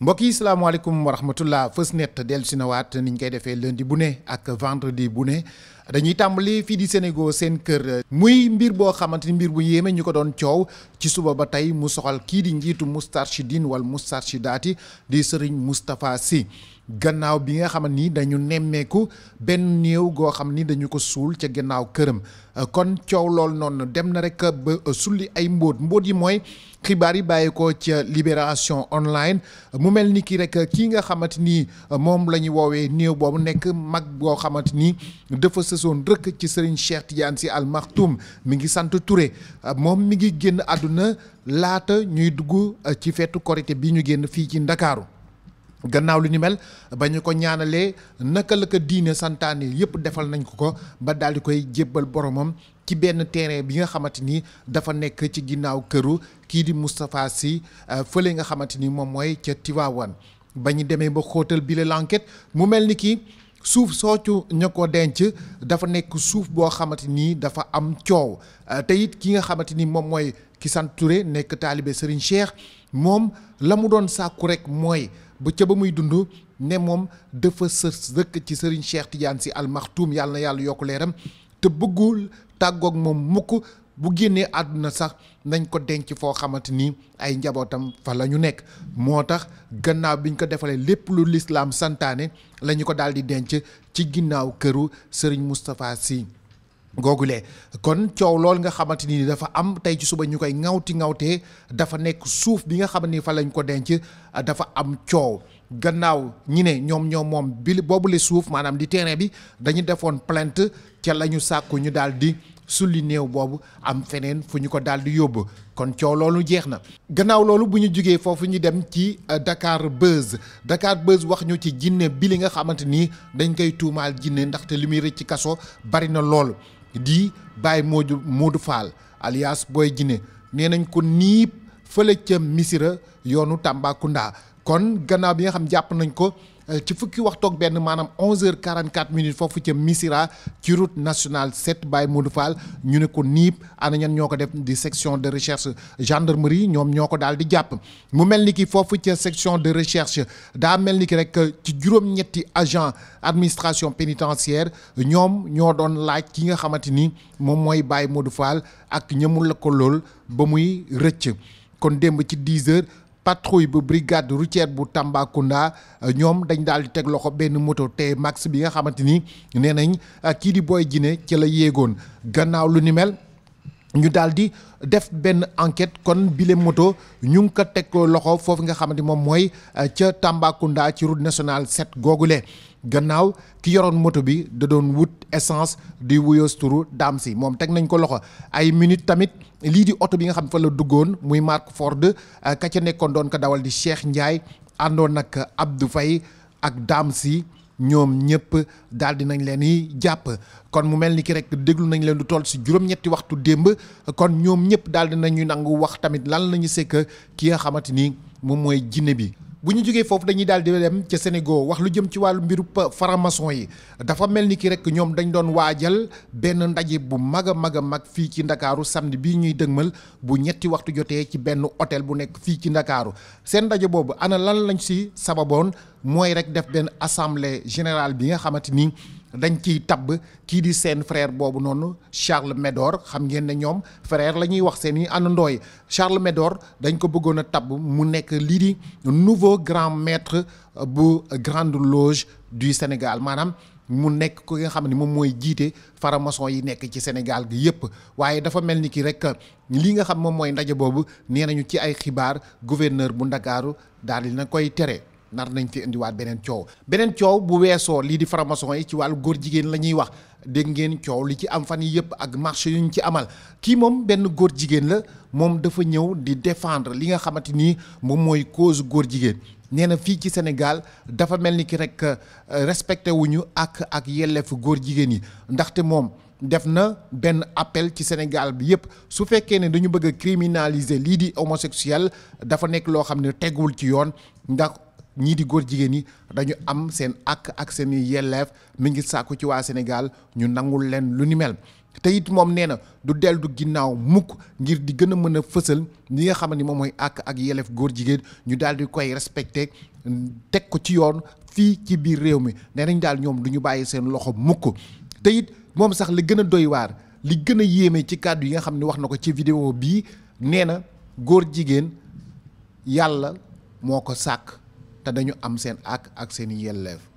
mbokk yi salaamaaleykum wa rahmatullah Feus Net dellu si nawaat niñ koy defee di bu ne ak vendredi bu ne dañuy tàmbali fii di Sénégal seen kër muy mbir boo xamante ni mbir bu yéeme ñu ko doon coow ci suba ba tey mu soxal kii di njiitu Moustarchidine wala Moustarchidaati di Serigne Moustapha si gannaaw bi nga xam ni dañu nemmeeku benn néew goo xam ni dañu ko suul ca gannaaw këram euh, kon coow lool noonu dem na rek ba euh, sulli ay mbóot mbóot yi mooy xibaar yi bàyyeekoo ca Libération Online mu mel ni kii rek kii nga xamante ni euh, moom la ñu woowee néew boobu nekk mag goo xamante ni dafa sësoon rëkk ci Serigne Cheikh Tidiane si Al Maktoum mi ngi sant Touré moom mi ngi génn àdduna laata ñuy dugg ci feetu korité bi ñu génn fii ci Ndakaaru gannaaw lu ñu mel ba ñu ko ñaanalee naka la ko diine santaane yëpp defal nañ ko ko ba daal di koy jébbal boromam ci benn terrain bi nga xamante ni dafa nekk ci ginnaaw këru kii di Moustapha Sy euh, fële nga xamante ni moom mooy ca tiwaawan ba ñu demee ba xóotal bi la mu mel ni kii suuf soocu ña ko denc dafa nekk suuf boo xamante nii dafa am coow euh, te it ki nga xamante ni moom mooy ki santure Touré nekk taalibe Serigne Cheikh moom la mu doon sàkku rek mooy bu ca ba muy dund ne moom dafa sës dëkk ci Serigne Cheikh Tidiane si almaxtuum yàlla na yàlla yokk leeram te bëggul tàggook moom mukk bu génnee àdduna sax nañ ko denc foo xamante ni ay njabootam fa la ñu nekk moo tax gannaaw bi ñu ko defalee lépp lu lislaam santaane lañu ko daal di denc ci ginnaaw këru Serigne Moustapha Sy googulee kon coow lool nga xamante ni dafa am tey ci suba ñu koy ŋawti ngawtee dafa nekk suuf bi nga xam ni fa lañ ko denc dafa am coow gannaaw ñi ne ñoom ñoom moom boobu boobule suuf maanaam di terrain bi dañu defoon plainte ca la ñu sàkku ñu daal di sulli néew boobu am feneen fu ñu ko daal di yóbbu kon coow loolu jeex na gannaaw loolu bu ñu jugee foofu ñu dem ci euh, Dakar Buzz Dakar Buzz wax ñu ci jinne bi li nga xamante ni dañ koy tuumaal jinne ndaxte li muy rëcc ci kaso bari na lool di Baye Modou Modou Fall alias booy Djiné nee nañ ko nii fële ca Missirah yoonu Tambacounda kon gannaaw bi nga xam jàpp nañ ko Euh, ci fukki waxtu ak benn maanaam 11h44 minutes foofu ca Missirah ci route nationale 7 Baye Modou ñu ne ko niib ana ñoo ko def di section de recherche gendarmerie ñoom ñoo ko daal di jàpp mu mel ni ki foofu ca section de recherche daa mel ni ki rek ci juróom-ñetti agent administration pénitentiaire ñoom ñoo doon laaj ki nga xamante ni moom mooy Baye Modou ak ñëmul la ko lool ba muy rëcc kon démb ci 10 heures patrouille bu brigade routière bu Tambacounda euh, ñoom dañ daal di teg loxo benn moto te max bi nga xamante ni nee nañ euh, kii di booy Djiné ci la yéegoon gannaaw lu ni mel ñu daal di def benn enquête kon bile moto ñu ngi ko teg loxo foofu nga xamante moom mooy euh, ca Tambacounda ci route nationale 7 googule gannaaw ki yoroon moto bi da doon wut essence di wuyoos turu daam si moom teg nañ ko loxo ay minute tamit lii di oto bi nga xam fa la duggoon muy marque Ford euh, ka ca nekkoon doon ko dawal di Cheikh Ndiaye àndoon nag Abdou Faye ak daam si ñoom ñëpp daal di nañ leen i jàpp kon mu mel ni ki rek déglu nañ leen du toll si juróom-ñetti waxtu démb kon ñoom ñëpp daal di nañu nangu wax tamit lan la ñu sekk ki nga xamante ni moom mooy jinne bi. bu ñu jógee foofu dañuy daal di dem ca Sénégal wax lu jëm ci wàllu mbiru franc yi dafa mel ni ki rek ñoom dañu doon waajal benn ndaje bu mag a mag a mag fii ci ndakaaru samedi bii ñuy dëgmal bu ñetti waxtu jotee ci benn hôtel bu nekk fii ci ndakaaru seen ndaje boobu ana lan lañu si sababoon mooy rek def benn assemblée générale bi nga xamante nii dañ ciy tab kii di seen frère boobu noonu Charles Médor xam ngeen ne ñoom frère la ñuy wax seen i àndandoo yi Charles Médor dañ ko bëggoon a tabb mu nekk lii di nouveau grand maître euh, bu grande loge du Sénégal maanaam mu nekk ko nga xam ne moom mooy jiite faramason yi nekk ci Sénégal gi yëpp waaye dafa mel ni ki rek euh, lii nga xam moom mooy ndaje boobu nee nañu ci ay xibaar gouverneur bu Ndakaaru daal di na koy tere. nar nañ ci indiwaat beneen coow beneen coow bu weesoo lii di franc yi ci wàllu góor jigéen la ñuy wax dégg ngeen coow li ci am fan yi yëpp ak marché yu ñu ci amal kii moom benn góor jigéen la moom dafa ñëw di défendre li nga xamante ni moom mooy cause góor jigéen nee na fii ci Sénégal dafa mel ni ki rek euh, respecté wuñu ak ak yelleef góor jigéen yi ndaxte moom def na benn appel ci Sénégal bi yëpp su fekkee ne dañu bëgg a lii di homosexuel dafa nekk loo xam ne teguwul ci yoon ndax ñii di góor jigéen ñi dañu am seen àkk ak seen yelleef mi ngi sàkku ci waa Sénégal ñu nangul leen lu ni mel te moom nee na du dellu ginnaaw mukk ngir di gën a mën a fësal li nga xam ne moom mooy ak ak yelleef góor jigéen ñu daal di koy respecté teg ko ci yoon fii ci biir réew mi nee nañ daal ñoom du ñu bàyyi seen loxo mukk te it moom sax li gën a doy li gën a yéeme ci kàddu yi nga xam ne wax na ko ci vidéo bii nee na góor jigéen yàlla moo ko sàkk te dañu am seen ak ak seen yelleef